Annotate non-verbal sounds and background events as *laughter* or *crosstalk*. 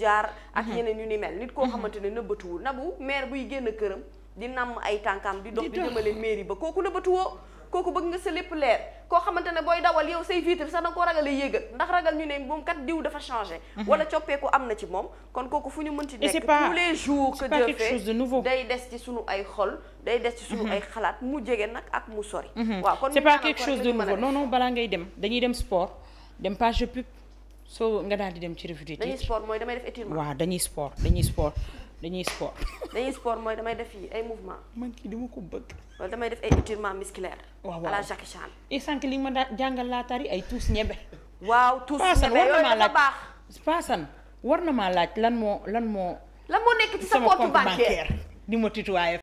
jaar ak mhm. ñeneen ñu ni mel nit koo mhm. xamante ne nëbbatuwul na bu maire buy génn këram di namm ay tànkam di dox di jëmale mairie ba kooku nëbbatuwoo kooku bëgg nga sa lépp leer koo xamante ne booy dawal yow say vitre sax na koo ragal a yéegal ndax ragal ñu ne moom kat diw dafa changé mhm. wala coppeeku am na ci moom kon kooku fu ñu mënti nekk tous les jours que Dieu fait day des ci sunu ay xol day des ci sunu ay xalaat mu jege nag ak mu sori waaw kon c'est pas quelque chose non non balaa ngay dem dañuy dem sport dem soo nga daal di dem ci revue du titre dañuy mooy damay def étirement waaw dañuy sport dañuy sport dañuy sport. *laughs* dañuy sport mooy damay def yi ay mouvement. man kii dama ko bëgg. wala damay def ay étirement musculaire. waaw waaw la Jackie Chan. et li ma daan jàngal laa tari ay tuus ñebe. waaw tuus ñebe yooyu dafa baax Paasan war na maa laaj war na maa laaj lan moo lan moo. lan moo nekk ci sa compte bancaire. ni ma tutoyé